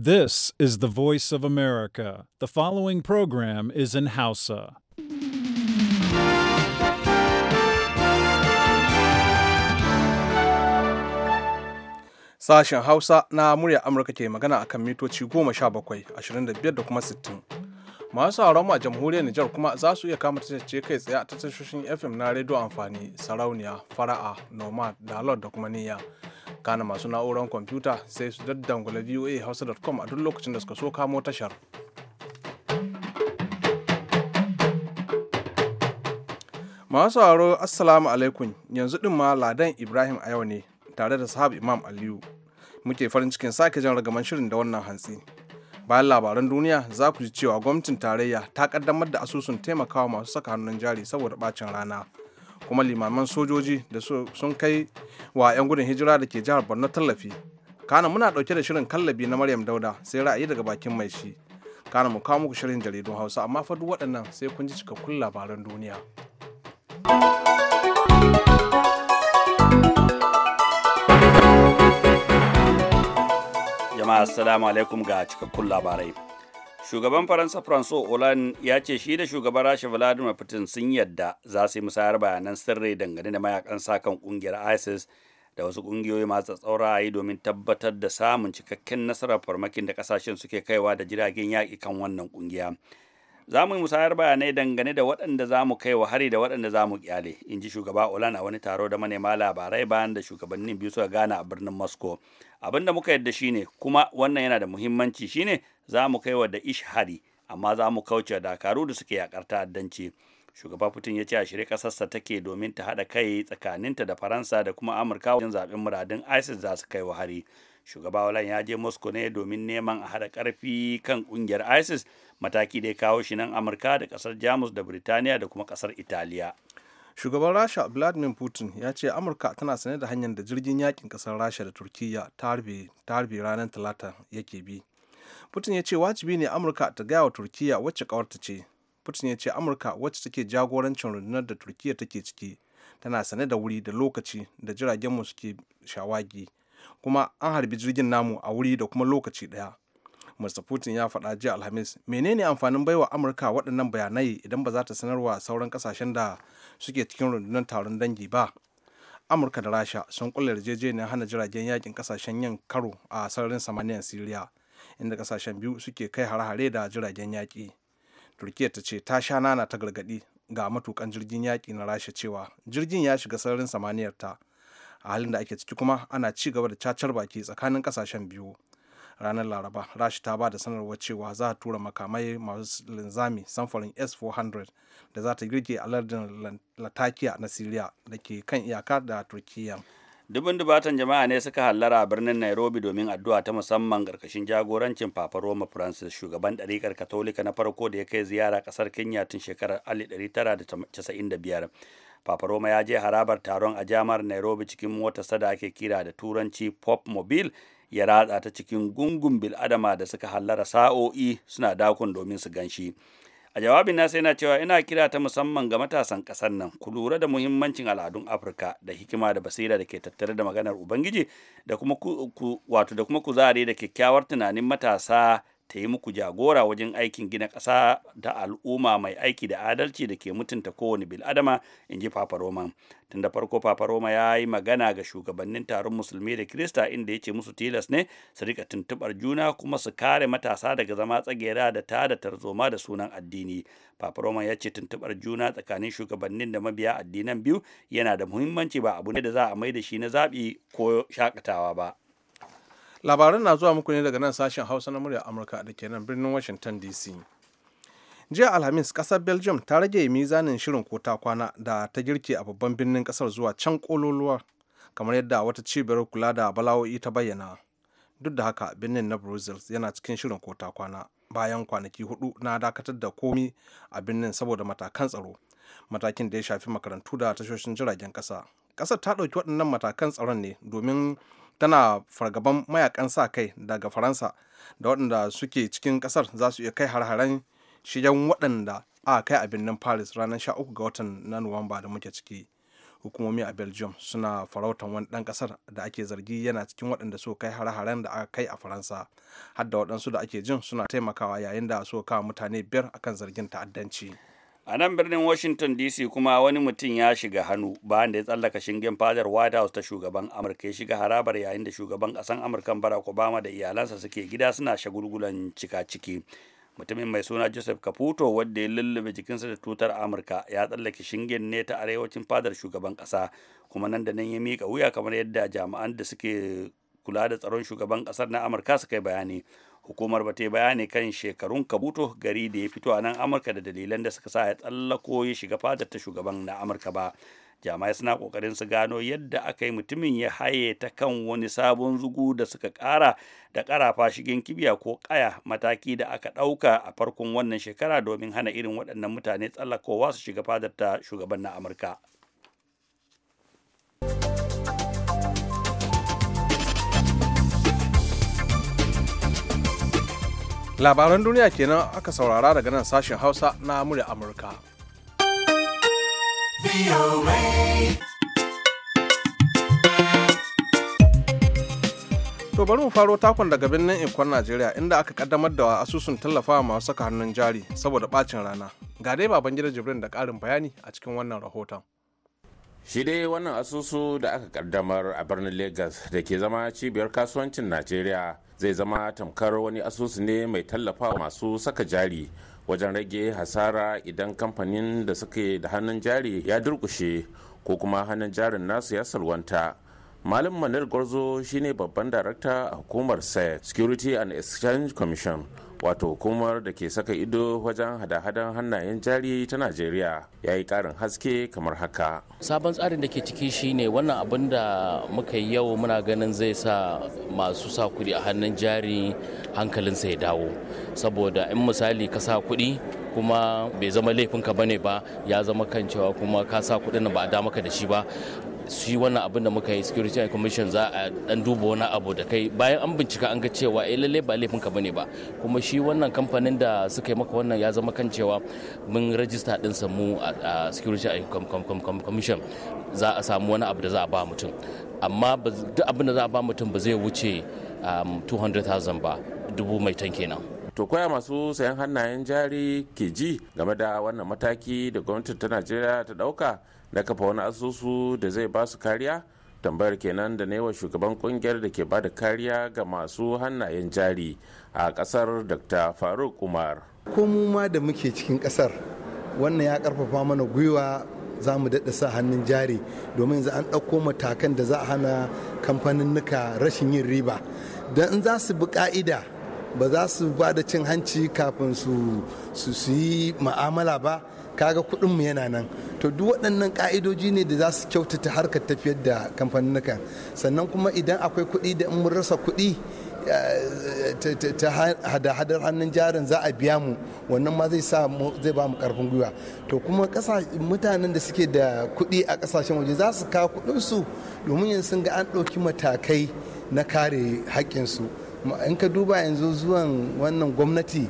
This is the voice of America. The following program is in Hausa. Sashen Hausa na murya Amurka ke magana akan mitoci goma sha bakwai ashirin da kuma sittin. masu sauran a jamhuriyar Nijar kuma za su iya kama ce kai tsaye a tashoshin FM na rediyo amfani sarauniya fara'a nomad dalot da kuma niyya kana masu na'urar kwamfuta sai su daddangula voa hausa.com a duk lokacin da suka so kamo tashar masu haro assalamu alaikum yanzu din ma ladan ibrahim a yau ne tare da sahab imam aliyu muke farin cikin sake jan ragaman shirin da wannan hantsi bayan labaran duniya za ku ji cewa gwamnatin tarayya ta kaddamar da asusun taimakawa masu saka hannun jari saboda bacin rana kuma limaman sojoji da sun kai wa 'yan gudun hijira da ke jihar borno tallafi kana muna ɗauke da shirin kallabi na maryam dauda sai ra'ayi daga bakin mai shi kana mu kawo muku shirin jaridun hausa amma fa duk waɗannan sai kun ji cikakkun labaran duniya. thank jama'a assalamu alaikum ga cikakkun labarai shugaban faransa franco olan ya ce shi da shugaban rasha vladimir putin sun yadda za su yi musayar bayanan sirri dangane da mayakan sakan kungiyar isis da wasu kungiyoyi masu tsaura domin tabbatar da samun cikakken nasarar farmakin da kasashen suke kaiwa da jiragen yaƙi kan wannan kungiya za mu yi musayar bayanai dangane da waɗanda za mu kai wa hari da waɗanda za mu kyale in ji shugaba olan a wani taro da manema labarai bayan da shugabannin biyu suka gana a birnin moscow abin da muka yadda shine kuma wannan yana da muhimmanci shine za mu kai wa da ish hari amma za mu kauce dakaru da suke yakar ta'addanci shugaba putin ya ce a shirye ƙasarsa take domin ta haɗa kai tsakaninta da faransa da kuma amurka wajen zaɓen muradun isis za su kai wa hari shugaba olan ya je moscow ne domin neman a haɗa ƙarfi kan ƙungiyar isis mataki da ya kawo shi nan amurka da kasar jamus da birtaniya da kuma kasar italiya shugaban rasha vladimir putin ya ce amurka tana sane da hanyar da jirgin yakin kasar rasha da turkiya ta harbe ranar talata yake bi putin ya ce wajibi ne amurka ta gaya wa turkiya wacce kawarta ce putin ya ce amurka wacce take jagorancin rundunar da turkiya take ciki tana sane da wuri da lokaci da jiragenmu suke shawagi kuma an harbi jirgin namu a wuri da kuma lokaci daya mr putin ya faɗa jiya alhamis menene amfanin baiwa amurka waɗannan bayanai idan ba za ta sanarwa sauran kasashen da suke cikin rundunar taron dangi ba amurka da rasha sun kulle yarjejeniyar hana jiragen yakin kasashen yin karo a sararin samaniyar siriya inda ƙasashen biyu suke kai hare-hare da jiragen yaƙi turkiya ta ce ta sha nana ta gargaɗi ga matukan jirgin yaƙi na rasha cewa jirgin ya shiga sararin samaniyar ta a halin da ake ciki kuma ana ci gaba da cacar baki tsakanin ƙasashen biyu ranar laraba rashi ta ba da sanarwa cewa za a tura makamai masu linzami samfurin s-400 da za ta girke a lardin latakia na siriya da ke kan iyaka da turkiyya dubin dubatan jama'a ne suka hallara a birnin nairobi domin addu'a ta musamman karkashin jagorancin papa roma francis shugaban ɗarikar katolika na farko da ya kai ziyara ƙasar kenya tun shekarar 1995 papa roma ya je harabar taron a jamar nairobi cikin motarsa da ake kira da turanci pop mobile ya ratsa ta cikin gungun bil'adama da suka hallara sa'o'i suna dakon domin su ganshi a jawabin nasa yana cewa ina kira ta musamman ga matasan ƙasar nan ku lura da muhimmancin al'adun afirka da hikima da basira da ke tattare da maganar ubangiji da kuma ku wato da kuma kuzari da kyakkyawar tunanin matasa ta yi muku jagora wajen aikin gina ƙasa da al'umma mai aiki da adalci da ke mutunta kowane bil'adama in ji Papa Roma. Tun da farko Papa Roma ya yi magana ga shugabannin taron musulmi da Kirista inda ya ce musu tilas ne su rika tuntuɓar juna kuma su kare matasa daga zama tsagera da ta da tarzoma da sunan addini. Papa Roma ya ce tuntuɓar juna tsakanin shugabannin da mabiya addinan biyu yana da muhimmanci ba abu ne da za a mai da shi na zaɓi ko shakatawa ba. labaran na zuwa muku ne daga nan sashen hausa na murya amurka da ke nan birnin washington dc jiya alhamis kasar belgium ta rage mizanin shirin ko ta kwana da ta girke a babban birnin kasar zuwa can kololuwa kamar yadda wata cibiyar kula da bala'o'i ta bayyana duk da haka birnin na brussels yana cikin shirin ko ta kwana bayan kwanaki hudu na dakatar da komi a birnin saboda matakan tsaro matakin da ya shafi makarantu da tashoshin jiragen kasa kasar ta ɗauki waɗannan matakan tsaron ne domin tana fargaban mayakan sa kai daga faransa da waɗanda suke cikin ƙasar za su iya kai har-haren shigen waɗanda a kai a birnin paris ranar 13 ga watan na nuwamba da muke ciki hukumomi a belgium suna farautan wani ɗan ƙasar da ake zargi yana cikin waɗanda suka kai har-haren da aka kai a faransa har waɗansu da ake jin suna taimakawa yayin da suka kawo mutane biyar akan zargin ta'addanci a nan birnin washington dc kuma wani mutum ya shiga hannu bayan da ya tsallaka shingen fadar white house ta shugaban amurka ya shiga harabar yayin da shugaban kasan amurka barack obama da iyalansa suke gida suna shagulgulan cika ciki mutumin mai suna joseph caputo wadda ya lullube jikinsa da tutar amurka ya tsallake shingen ne ta arewacin fadar shugaban kasa kuma nan da nan ya mika wuya kamar yadda jami'an da suke kula da tsaron shugaban kasar na amurka suka yi bayani hukumar ba ta yi bayani kan shekarun kabuto gari da ya fito a nan amurka da dalilan da suka sa ya tsallako ya shiga fadar ta shugaban na amurka ba jami'ai suna kokarin su gano yadda aka yi mutumin ya haye ta kan wani sabon zugu da suka kara da karafa shigin kibiya ko kaya mataki da aka ɗauka a farkon wannan shekara domin hana irin waɗannan mutane tsallakowa su shiga fadar ta shugaban na amurka labaran duniya kenan aka saurara daga nan sashen hausa na murya amurka To bari mu faro takon daga birnin Ikon Najeriya inda aka kaddamar da asusun tallafawa masu saka hannun jari saboda bacin rana. Ga dai baban gida Jibrin da ƙarin bayani a cikin wannan rahoton. shi dai wannan asusu da aka kaddamar a birnin lagos da ke zama cibiyar kasuwancin najeriya zai zama tamkar wani asusu ne mai tallafa masu saka jari wajen rage hasara idan kamfanin da suke da hannun jari ya durkushe ko kuma hannun jarin nasu ya salwanta malam manil gwarzo shine babban darakta a hukumar sec security and exchange commission wato hukumar da ke saka ido wajen hada-hadan hannayen jari ta najeriya ya yi karin haske kamar haka sabon tsarin da ke ciki shine wannan abin da muka yi yau muna ganin zai sa masu sa kudi a hannun jari hankalin ya dawo saboda in misali ka sa kudi kuma bai zama laifinka ka bane ba ya zama kan cewa kuma ka sa kudin ba a da maka da shi ba shi wannan abin da muka yi security and commission za a dan duba wani abu da kai bayan an bincika an ga cewa eh lalle ba laifin ka bane ba kuma shi wannan kamfanin da suka yi maka wannan ya zama kan cewa mun rajista din mu a security and commission za a samu wani abu da za a ba mutum amma duk abin da za a ba mutum ba zai wuce 200,000 um, ba dubu mai tan kenan to koya masu sayan hannayen jari ke ji game da wannan mataki da gwamnatin ta najeriya ta dauka na kafa wani asusu da zai ba su kariya tambayar kenan da wa shugaban kungiyar da ke bada kariya ga masu hannayen jari a kasar dr faruk umar ko mu ma da muke cikin kasar wannan ya karfafa mana gwiwa za mu daɗa sa hannun jari domin za an ɗauko matakan da za a hana kamfanin nuka rashin yin riba don in za su bi ƙa'ida ba za su ba da cin hanci kafin su yi ma'amala ba kaga mu yana nan to duk waɗannan ƙa'idoji ne da za su kyautata harkar tafiyar da kamfanin sannan kuma idan akwai kuɗi da mun rasa kuɗi eh, ta hada-hadar hannun jarin za a biya mu wannan ma zai sa zai ba mu karfin gwiwa to kuma mutanen da suke da kuɗi a ƙasashen waje za su kawo kuɗinsu domin yin sun ga an ɗauki matakai na kare haƙƙinsu in ka duba yanzu zuwan wannan gwamnati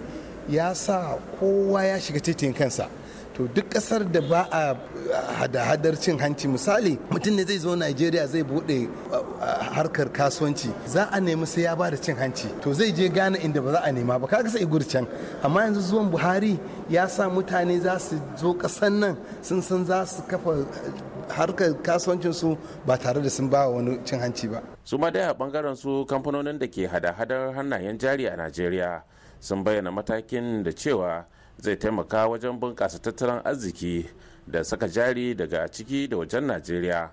ya sa kowa ya shiga titin kansa to duk kasar da ba a hada-hadar cin hanci misali mutum ne zai zo najeriya zai bude harkar kasuwanci za a nemi sai ya bada cin hanci to zai je gane inda ba za a nema ba kaga sai gudu amma yanzu zuwan buhari ya sa mutane za su zo kasan nan sun san za su kafa eh, harkar kasuwancinsu ba tare da sun ba wani cin hanci ba su ma dai a bangaren su kamfanonin da ke hada-hadar hannayen jari a najeriya sun bayyana matakin da cewa zai taimaka wajen bunƙasa tattalin arziki da saka jari daga ciki da wajen najeriya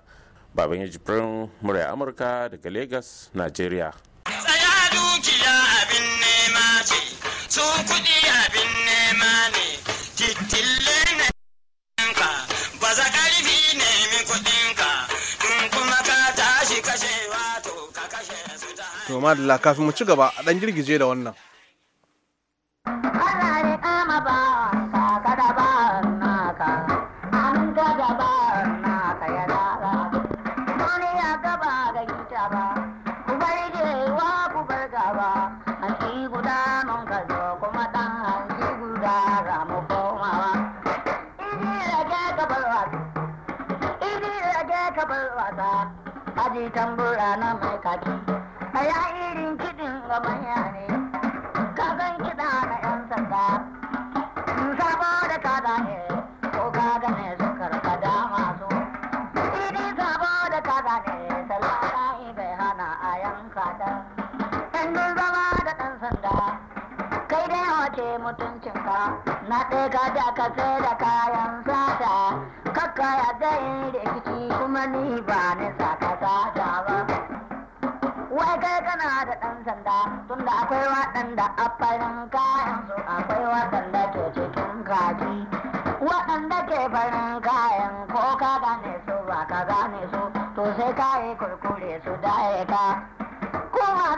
baban ya jibrin murya amurka daga lagos nigeria tsaya dukiya abin nema ce su kuɗi abin nema ne titille ne ka ba za ƙarfi nemi kuɗinka in kuma ka tashi kashewa to ka kashe su ta hanyar to madalla kafin mu ci gaba a ɗan girgije da wannan haka na ɗaga da ka sai da kayan sata kakka ya yi rikici kuma ni ba ni saka sata ba wai kai kana da ɗan sanda tunda akwai waɗanda a farin kayan su akwai waɗanda ke cikin kaji waɗanda ke farin kayan ko ka gane su ba ka gane su to sai ka yi kurkure su da ka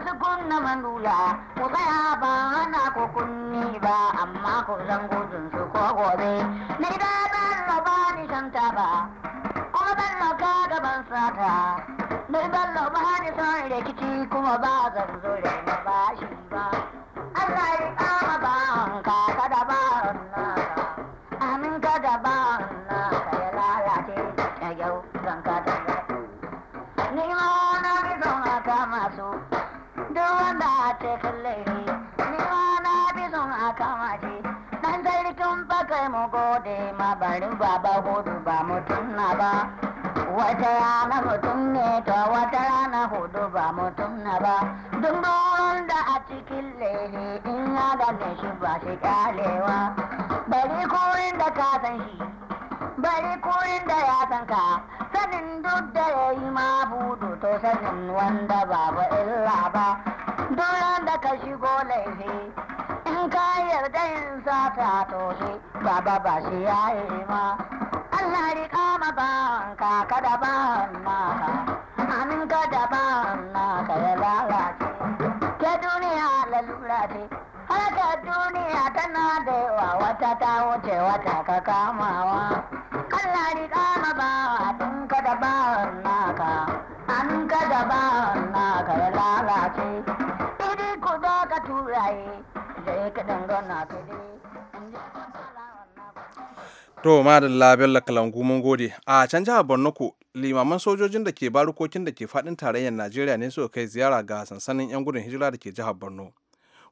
faɗi kunna manula ku tsaya ba hana ku kunni ba amma ku zan gudun su ko gobe ni da bello ba ni shanta ba kuma bello ka gaban sata ni bello ba ni son rikici kuma ba zan zo da ba shi ba Allah ya kama ba hanka san ni ma na bi son a kama shi dan sarkin bakai mu gode ma barin baba hudu ba mutum na ba wata rana mutum ne to wata rana hudu ba mutum na ba duk da a cikin laifi in ya gane shi ba shi kyalewa bari koyin da ka san shi bari koyin da ya san ka sanin duk da ya yi ma budu to sanin wanda babu illa ba Duran da ka shigo laifi, in ka yarda yin sata toshe, baba ba shi ya yi ma. Allah riƙa ma banka kada ban naka, amin kada ban naka ya lalace. Ke duniya lalura ce, harkar duniya tana da yawa wata ta wuce wata ka kamawa. Allah rika ma ba tun kada ban naka. To madalla Bello Kalangu mun gode. A can jihar Borno ko limaman sojojin da ke barukokin da ke fadin tarayyar Najeriya ne suka kai ziyara ga sansanin 'yan gudun hijira da ke jihar Borno.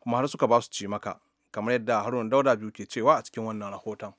Kuma har suka ba su ci maka. Kamar yadda Haruna Dauda biyu ke cewa a cikin wannan rahoton.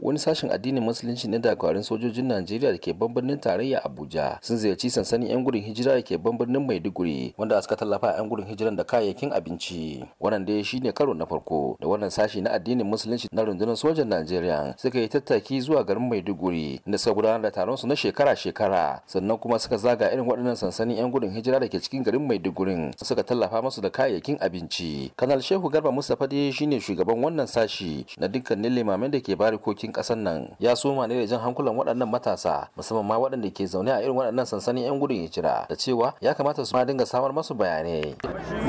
wani sashen addinin musulunci na dakarun sojojin najeriya da ke birnin tarayya abuja sun ziyarci sansanin yan gudun hijira da ke bambanin maiduguri wanda suka tallafa yan gudun hijiran da kayayyakin abinci wannan dai shine karo na farko da wannan sashi na addinin musulunci na rundunar sojan najeriya suka yi tattaki zuwa garin maiduguri da suka gudanar da taron su na shekara-shekara sannan kuma suka zaga irin waɗannan sansanin yan gudun hijira da ke cikin garin maidugurin suka tallafa masu da kayayyakin abinci kanal shehu garba mustapha dai shine shugaban wannan sashi na dukkanin limamin da ke kokin arzikin ƙasar nan ya soma ne da jan hankulan waɗannan matasa musamman ma waɗanda ke zaune a irin waɗannan sansanin 'yan gudun hijira da cewa ya kamata su ma dinga samar masu bayanai.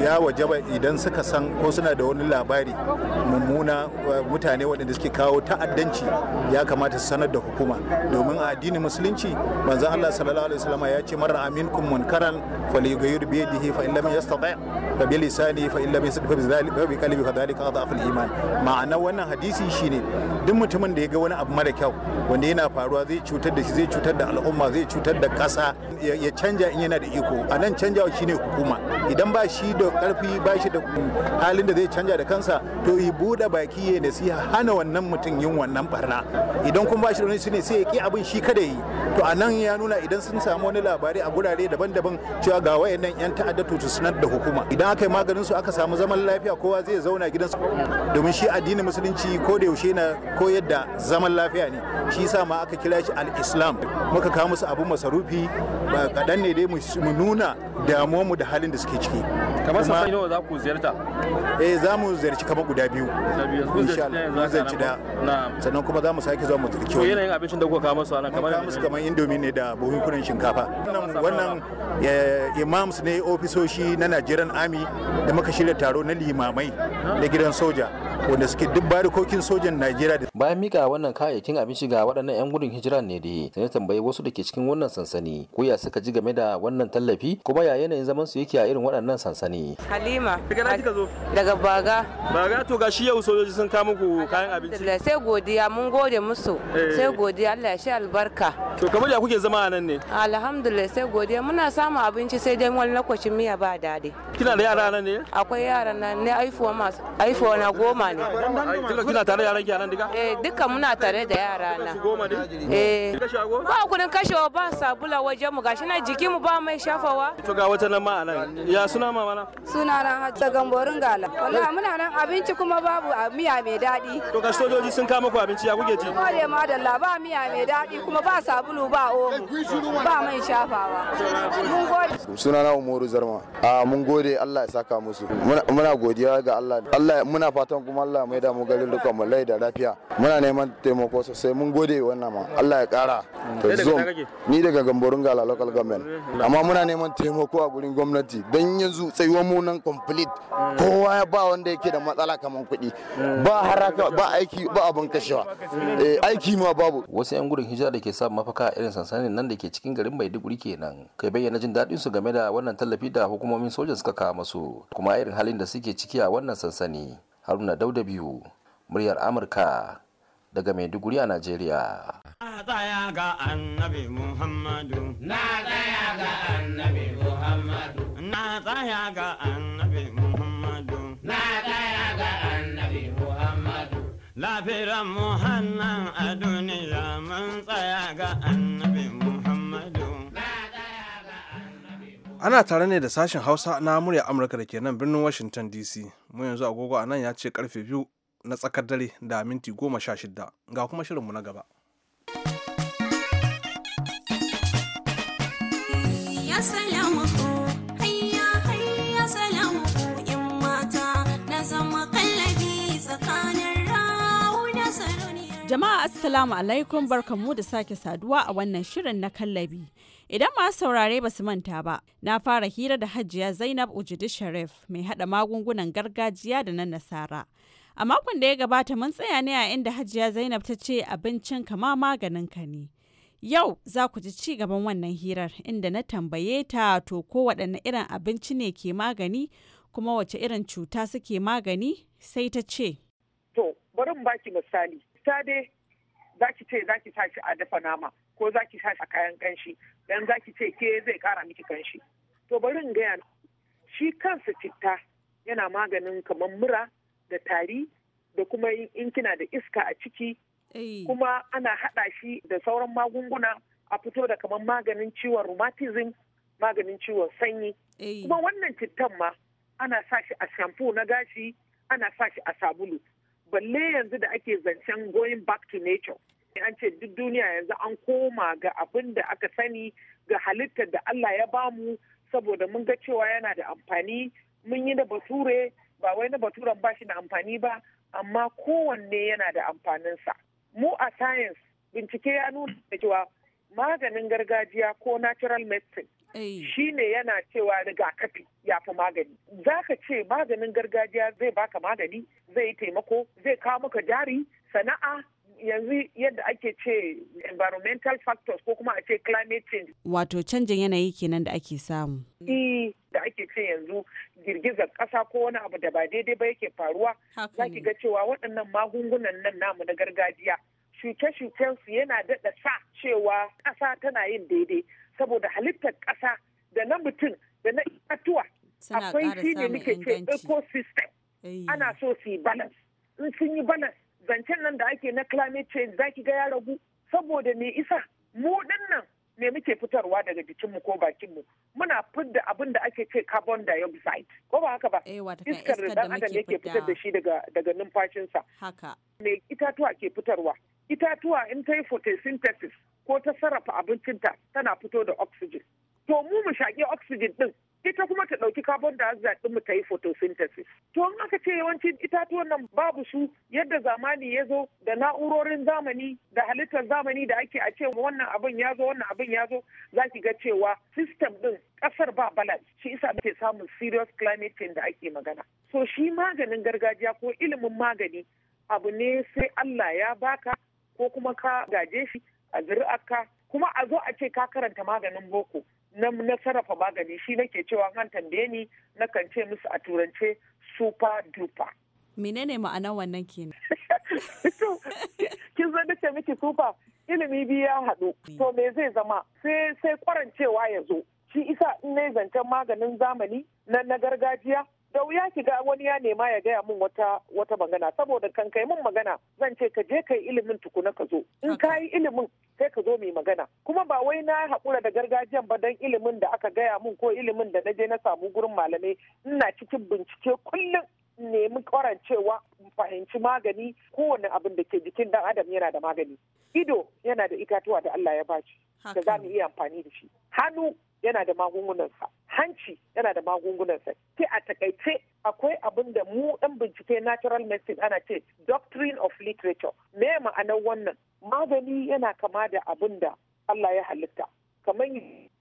Ya waje ba idan suka san ko suna da wani labari mummuna mutane waɗanda suke kawo ta'addanci ya kamata su sanar da hukuma domin a addinin musulunci manzo Allah sallallahu alaihi wasallam ya ce marar aminkum munkaran falyughayyir bi yadihi fa in lam yastati' fa bi lisani fa in lam yastati' fa bi qalbi fa dhalika adhafu al-iman ma'ana wannan hadisi shine duk mutumin da ya ga wani abu mara kyau wanda yana faruwa zai cutar da shi zai cutar da al'umma zai cutar da ƙasa ya canja in yana da iko a nan shi shine hukuma idan ba shi da ƙarfi ba shi da halin da zai canja da kansa to yi buɗe baki ya nasiha hana wannan mutum yin wannan barna idan kuma ba shi da wani ne sai ya ki abin shi kada yi to a nan ya nuna idan sun samu wani labari a gurare daban-daban cewa ga wayannan yan ta'adda to sanar da hukuma idan aka yi maganin su aka samu zaman lafiya kowa zai zauna gidansu domin shi addinin musulunci ko da yaushe na koyar da zaman lafiya ne shi sa ma aka kira shi al-islam muka kawo musu abun masarufi ba kaɗan ne dai mu nuna damuwarmu da halin da suke ciki kamar sa sai nawa za ku ziyarta eh za mu ziyarci kamar guda biyu insha Allah mun ziyarci da sannan kuma za mu sake zuwa mu ziyarci to yanayin abincin da kuka kawo musu anan kamar musu kamar indomie ne da buhunkunan shinkafa wannan eh, imams ne ofisoshi na Nigerian Army da muka shirya taro na limamai da gidan soja wanda suke duk barikokin sojan Najeriya bayan mika wannan kayayyakin abinci ga waɗannan 'yan gudun hijira ne da sai tambayi wasu da ke cikin wannan sansani ko ya suka ji game da wannan tallafi kuma ya yanayin zaman su yake a irin waɗannan sansani ne halima daga nan kika zo daga baga baga to gashi yau sojoji sun kawo muku kayan abinci sai godiya mun gode musu eh. sai godiya Allah ya shi albarka to kamar ya kuke zama a nan ne alhamdulillah sai godiya muna samun abinci sai dai wani lokacin miya ba dadi kina da yara nan ne akwai yara nan ne aifuwa masu aifuwa na goma ne kina tare yaran ki nan duka eh duka muna tare da yara na goma ne eh ba kudin kashewa ba sabula wajen mu gashi na jiki mu ba mai shafawa to ga wata nan ma a nan ya suna ma sunana? Sunana hajji Hajja Gamborin Gala. Wallahi muna nan abinci kuma babu a miya mai daɗi. To ga sojoji sun kama ku abinci ya kuke ji? Gode madalla ba miya mai daɗi kuma ba sabulu ba omo ba mai shafawa. Mun gode. Sunana Umaru Zarma. A mun gode Allah ya saka musu. Muna godiya ga Allah. Allah muna fatan kuma Allah mai da mu garin dukan mu da lafiya. Muna neman taimako sosai mun gode wannan ma. Allah ya kara. Ni daga Gamborin Gala local government. Amma muna neman taimako a gurin gwamnati don yanzu sai rayuwar mu nan complete kowa ba wanda yake da matsala kamar kuɗi ba haraka ba aiki ba abin kashewa eh, aiki ma babu wasu yan gudun hijira da ke samun mafaka a irin sansanin nan da ke cikin garin Maiduguri nan kai bayyana jin daɗin su game da wannan tallafi da hukumomin sojan suka kawo su kuma irin halin da suke ciki a wannan sansani Haruna Dauda biyu muryar Amurka daga Maiduguri a Najeriya. Na tsaya ga annabi Muhammadu. Na tsaya ga annabi Muhammadu. Na tsaya ga annabi Muhammadu. Na tsaya ga annabi Muhammadu. muhannan a duniya mun tsaya ga annabi Muhammadu. Ana tare ne da sashen Hausa na murya Amurka da ke nan birnin Washington DC. Mu yanzu agogo a nan ya ce karfe biyu na tsakar dare da minti goma sha shida ga kuma shirinmu na gaba. Ya Assalamu alaikum barkanmu da sake saduwa a wannan shirin na kallabi. Idan masu saurare ba su manta ba, na fara hira da hajiya Zainab Ujidi Sharif mai haɗa magungunan gargajiya da na nasara. A makon da ya gabata mun tsaya ne a inda hajiya Zainab ta ce abincin kama maganin ka ne. Yau za ku ji ci gaban wannan hirar inda na tambaye ta to ko waɗanne irin abinci ne ke magani kuma wace irin cuta suke magani sai ta ce. To, bari baki misali. Ta dai za ki ce za ki sa shi a dafa nama ko za ki sa a kayan kanshi dan za ki ce ke zai kara miki kanshi to bari in gaya shi kansa citta yana maganin kamar mura da tari da kuma in kina da iska a ciki kuma ana haɗa shi da sauran magunguna a fito da kamar maganin ciwon rheumatism maganin ciwon sanyi kuma wannan cittan ma ana sa shi a shampoo na gashi ana sa shi a sabulu balle yanzu da ake zancen going back to nature an ce duk duniya yanzu an koma ga abin da aka sani ga halittar da Allah ya bamu saboda mun ga cewa yana da amfani mun yi na bature ba wai na baturen ba shi da amfani ba amma kowanne yana da amfaninsa mu a science bincike ya nuna cewa maganin gargajiya ko natural medicine Eh. shi ne yana cewa rigakafi ya fi magani za ka ce maganin gargajiya zai baka magani zai yi taimako zai kawo maka jari sana'a yanzu yadda ake ce environmental factors ko kuma a ce climate change. Wato canjin yanayi kenan da ake samu. E da ake ce yanzu girgizar ƙasa ko wani abu da ba daidai ba yake faruwa. zaki ga cewa waɗannan magungunan nan namu na gargajiya shuke-shukensu yana daɗa sa cewa ƙasa tana yin daidai saboda halittar ƙasa da na mutum da na itatuwa akwai shi ne muke ce ecosystem ana so su yi balance in sun yi balance zancen nan da ake na climate change za ki ga ya ragu saboda me isa mu nan ne muke fitarwa daga jikinmu ko bakinmu muna fidda abin da ake ce carbon dioxide ko ba haka ba eh, iskar da ɗan adam yake fitar da shi daga numfashinsa me itatuwa ke fitarwa itatuwa in ta yi photosynthesis ko ta sarrafa abincinta tana fito da oxygen to mu mu shaƙi oxygen ɗin ita kuma ta ɗauki carbon dioxide ɗin mu ta yi photosynthesis. To in aka ce yawancin itatuwan nan babu su yadda zamani ya zo da na'urorin zamani da halittar zamani da ake a ce wannan abin ya zo wannan abin ya zo za ki ga cewa system ɗin ƙasar ba balance shi isa ake samun serious climate change da ake magana. So shi maganin gargajiya ko ilimin magani abu ne sai Allah ya baka ko kuma ka gaje shi a zuri'arka kuma a zo a ce ka karanta maganin boko na sarrafa magani shi nake cewa an tambaye ni na kan ce musu a turance super duper menene ma'ana wannan kenan kin zo dace miki tsufa ilimi biyu ya haɗu to me zai zama sai sai kwarancewa ya zo shi isa in na zancen maganin zamani na na gargajiya da wuya ki ga wani ya nema ya gaya min wata wata magana saboda kan kai min magana zan ce ka je kai ilimin tukuna ka zo in ka ilimin sai ka zo mai magana kuma ba wai na haƙura da gargajiyan ba dan ilimin da aka gaya min ko ilimin da na je na samu gurin malamai ina cikin bincike kullum nemi kwarancewa fahimci magani kowane abin da ke jikin dan adam yana da magani ido yana da itatuwa da Allah ya bashi da za mu iya amfani da shi hannu yana da magungunansa hanci yana da magungunansa sai a takaice akwai abin da mu dan bincike natural medicine ana ce doctrine of literature me ma'anar wannan magani yana kama da abin da Allah ya halitta kamar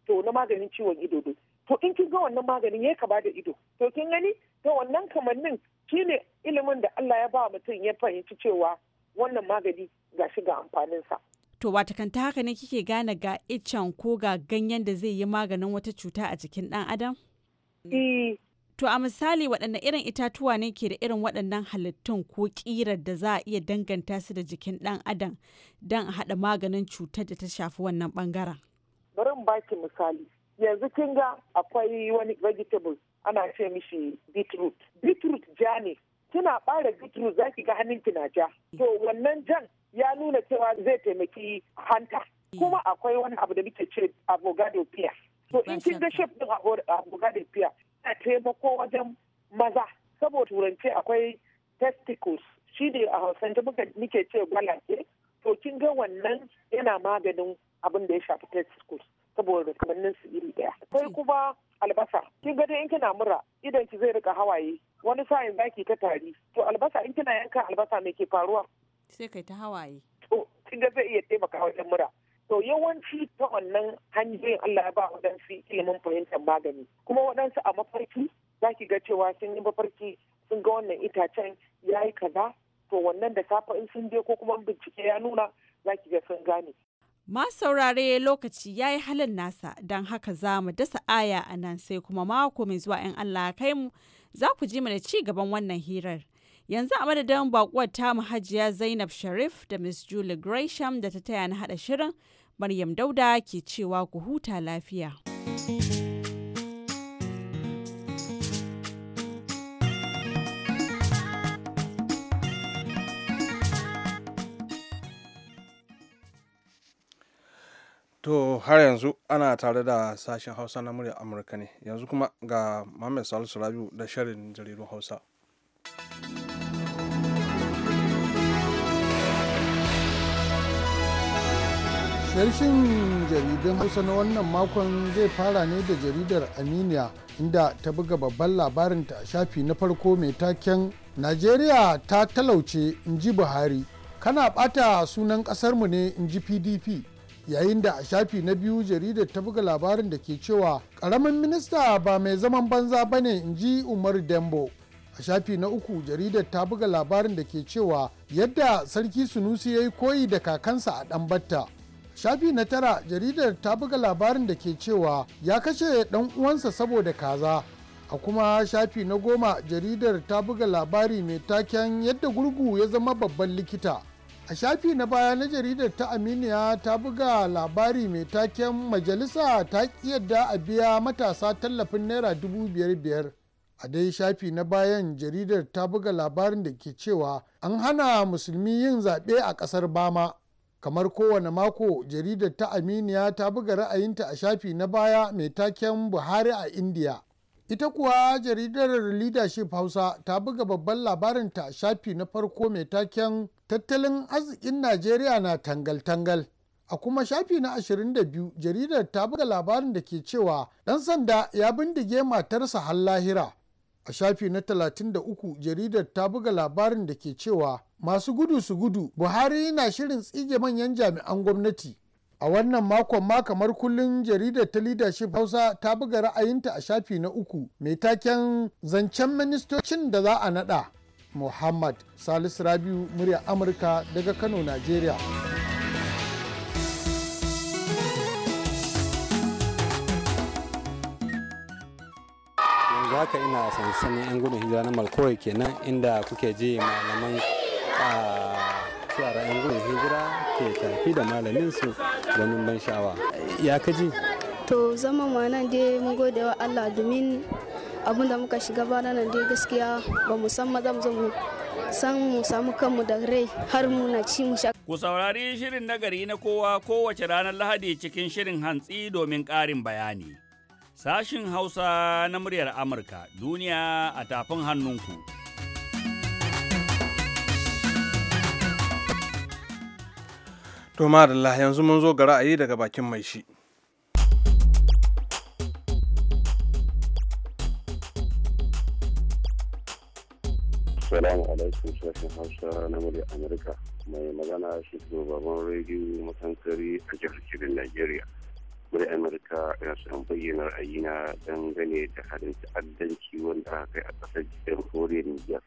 to na maganin ciwon ido dai to in kin ga wannan maganin ya kama da ido to kin gani to wannan kamannin shine ilimin da Allah ya ba mutum ya fahimci cewa wannan magani ga gashi ga amfanin sa. To wata kanta haka ne kike gane ga iccen ko ga ganyen da zai yi maganin wata cuta a jikin ɗan adam? Eh. To a misali waɗanne irin itatuwa ne ke da irin waɗannan halittun ko ƙirar da za a iya danganta su da jikin ɗan adam don a haɗa maganin cutar da ta shafi wannan ɓangaren. Bari baki misali. Yanzu kin ga akwai wani vegetable ana ce mishi beetroot. Beetroot ja ne. Kina ɓare beetroot za ki ga ki na ja. To wannan jan ya nuna cewa zai taimaki hanta kuma akwai wani abu da muke ce abogado pia. so in kin ga shef din abogado na taimako wajen maza saboda turanci akwai testicles shi ne a hausance muke ce gwalace to kin ga wannan yana maganin abin da ya shafi testicles saboda kamannin su iri daya sai kuma albasa kin ga in kina mura idan ki zai rika hawaye wani sa'in zaki ta tari to albasa in kina yanka albasa me ke faruwa sai kai ta hawaye to tunda zai iya taimaka wajen mura to yawanci ta wannan hanyoyin Allah ya ba waɗansu ilimin fahimtar magani kuma waɗansu a mafarki za ki ga cewa sun yi mafarki sun ga wannan itacen ya yi kaza to wannan da safe in sun je ko kuma bincike ya nuna za ki ga sun gane Ma saurare lokaci ya yi halin nasa don haka za mu dasa aya a nan sai kuma mako mai zuwa 'yan Allah kai mu za ku ji mu da ci gaban wannan hirar. Yanzu a madadin bakuwar ta hajiya Zainab Sharif da Miss Julie Gresham da ta taya na hada shirin, Maryam Dauda ke cewa ku huta lafiya. To har yanzu ana tare da sashen Hausa na murya Amurka ne, yanzu kuma ga Muhammad Salisu Rabiu da shirin jaridun Hausa. Darshin jaridan Hausa na wannan makon zai fara ne da jaridar Aminiya inda ta buga babban labarinta a shafi na farko mai taken Najeriya ta talauce in ji Buhari, kana bata sunan kasarmu ne in ji PDP. Yayin da a shafi na biyu jaridar ta buga labarin da ke cewa ƙaramin minista ba mai zaman banza ba ne in ji Umar Dembo. a shafi na uku jaridar ta buga labarin da ke cewa yadda sarki sunusi ya yi koyi da kakansa a ɗanbatta shafi na tara jaridar ta buga labarin da ke cewa ya kashe dan uwansa saboda kaza a kuma shafi na goma jaridar ta buga labari mai taken yadda gurgu ya zama babban likita a shafi na baya na jaridar ta aminiya ta buga labari mai taken majalisa ta yadda a biya matasa tallafin naira dubu biyar biyar a dai shafi na bayan jaridar ta buga labarin da ke cewa an hana musulmi yin zaɓe a ƙasar bama kamar kowane mako jaridar ta aminiya ta buga ra'ayinta a shafi na baya mai taken buhari a india ita kuwa jaridar leadership hausa ta buga babban labarinta a shafi na farko mai taken tattalin arzikin najeriya na tangal-tangal a kuma shafi na 22 jaridar ta buga labarin da ke cewa dan sanda ya bindige matarsa har lahira a shafi na 33 jaridar ta buga labarin da ke cewa masu gudu su gudu buhari na shirin tsige manyan jami'an gwamnati a wannan makon ma kamar kullun jaridar ta leadership hausa ta buga ra'ayinta a shafi na uku mai taken zancen ministocin da za a nada muhammad salisu rabiu murya amurka daga kano nigeria haka ina sansanin 'yan gudun hijira na malkore kenan inda kuke ji malaman tsara ah, 'yan gudun hijira ke tafi da malamin su ganin ban sha'awa ya kaji to zama ma nan dai mun gode wa Allah domin abin da muka shiga ba nan dai gaskiya ba mu san maza mu mu san mu samu kanmu da rai har mu na ci mu sha ku saurari shirin nagari na kowa kowace ranar lahadi cikin shirin hantsi domin ƙarin bayani Sashin Hausa na muryar Amurka duniya a tafin hannunku. Toma madalla yanzu mun zo ga ra'ayi daga bakin mai shi. Salamu alaikum sashen Hausa na muryar Amurka mai magana shi babban rediyo matankari a jihar Kirin Najeriya. muri amurka ya san bayyana ra'ayina dangane da halin ta'addanci wanda aka kai a ƙasar jamhuriyar niger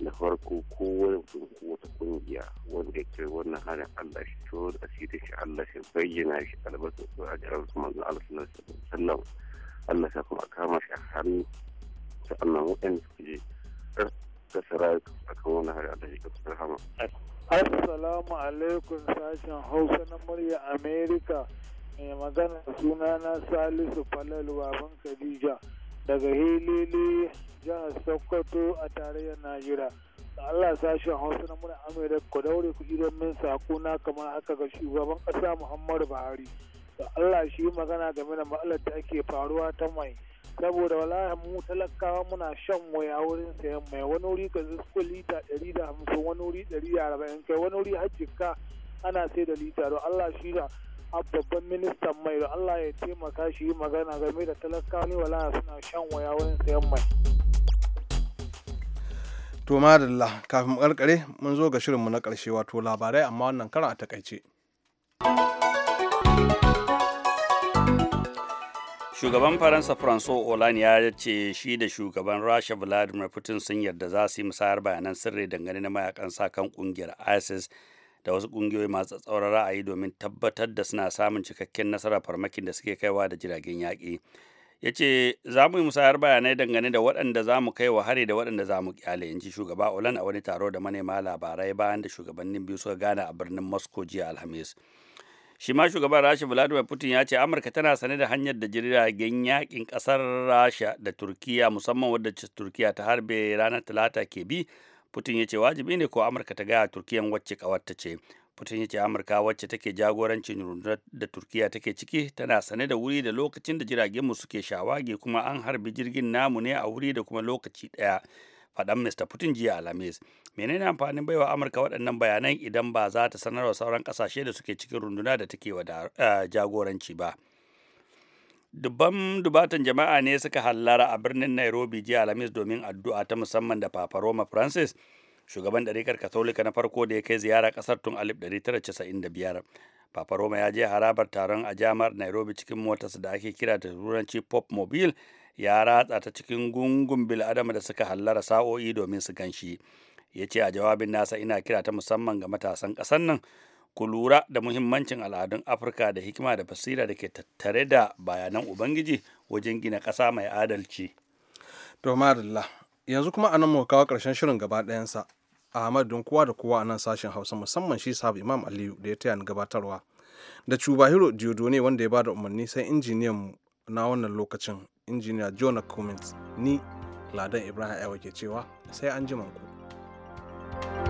na farko kowane mutum ko wata kungiya wanda ya kai wannan halin allah shi to da shi allah shi bayyana shi albarkar ko a jirar su manzo allah sallallahu allah sa kuma kama shi a hannu sa'annan waɗanda suke kasa rayuka a kan wannan halin allah shi kasar hama. assalamu alaikum sashen hausa na murya Amerika. mai magana na salisu falalu baban khadija daga helele jihar sokoto a tarayyar najeriya Allah sashen Hausa na muna Amurka ku daure ku idan min sako na kamar haka ga shugaban kasa Muhammadu Buhari. Da Allah shi magana game da ma'alar da ake faruwa ta mai. Saboda wala mu talakawa muna shan waya wurin sayan mai wani wuri ka zusko lita ɗari da hamsin wani wuri ɗari da arba'in kai wani wuri hajjika ana sai da lita don Allah shi da a babban ministan mai da Allah ya taimaka shi yi magana game da talakawani wala suna shan waya wurin sayan mai. To madalla kafin karkare mun zo ga shirinmu na karshe wato labarai amma wannan karan a takaice. Shugaban Faransa franco olani ya ce shi da shugaban Rasha Vladimir Putin sun yarda za su yi musayar bayanan sirri dangane na mayakan sakan kungiyar ISIS da wasu ƙungiyoyi masu tsatsauran ra'ayi domin tabbatar da suna samun cikakken nasara farmakin da suke kaiwa da jiragen yaƙi ya ce za mu yi musayar bayanai dangane da waɗanda za mu kai wa hari da waɗanda za mu kyale in ji shugaba olan a wani taro da manema labarai bayan da shugabannin biyu suka gana a birnin moscow jiya alhamis shi ma shugaban rasha vladimir putin ya ce amurka tana sane da hanyar da jiragen yakin kasar rasha da turkiya musamman wadda turkiya ta harbe ranar talata ke bi putin ya ce wajibi ne ko amurka ta gaya turkiyan wacce kawarta ce putin ya ce amurka wacce take jagorancin rundunar da turkiya take ciki tana sane da wuri da lokacin da jiragenmu suke shawagi kuma an harbi jirgin namu ne a wuri da kuma lokaci daya faɗan mr putin jiya alhamis menene amfanin baiwa amurka waɗannan bayanan idan ba za ta sanarwa sauran ƙasashe da suke cikin runduna da take wa eh, jagoranci ba dubban dubatan jama'a ne suka hallara a birnin Nairobi jiya Alhamis domin addu'a ta musamman da Papa Roma Francis shugaban ɗarikar Katolika na farko da ya kai ziyara ƙasar tun 1995. Papa Roma ya je harabar taron a jami'ar Nairobi cikin motarsa da ake kira da turanci Pop Mobile ya ratsa ta cikin gungun bil'adama da suka hallara sa'o'i domin su ganshi. Ya ce a jawabin nasa ina kira ta musamman ga matasan ƙasar nan ku lura da muhimmancin al'adun afirka da hikima da fasira da ke tattare da bayanan ubangiji wajen gina ƙasa mai adalci to yanzu kuma anan mu kawo ƙarshen shirin gaba ɗayansa ahmad don kowa da kowa a nan sashen hausa musamman shi sahabu imam aliyu da ya taya ni gabatarwa da cubahiro ne wanda ya bada umarni sai injiniyan mu na wannan lokacin injiniya jonah cummins ni ladan ibrahim aiwa ke cewa sai an ku. thank you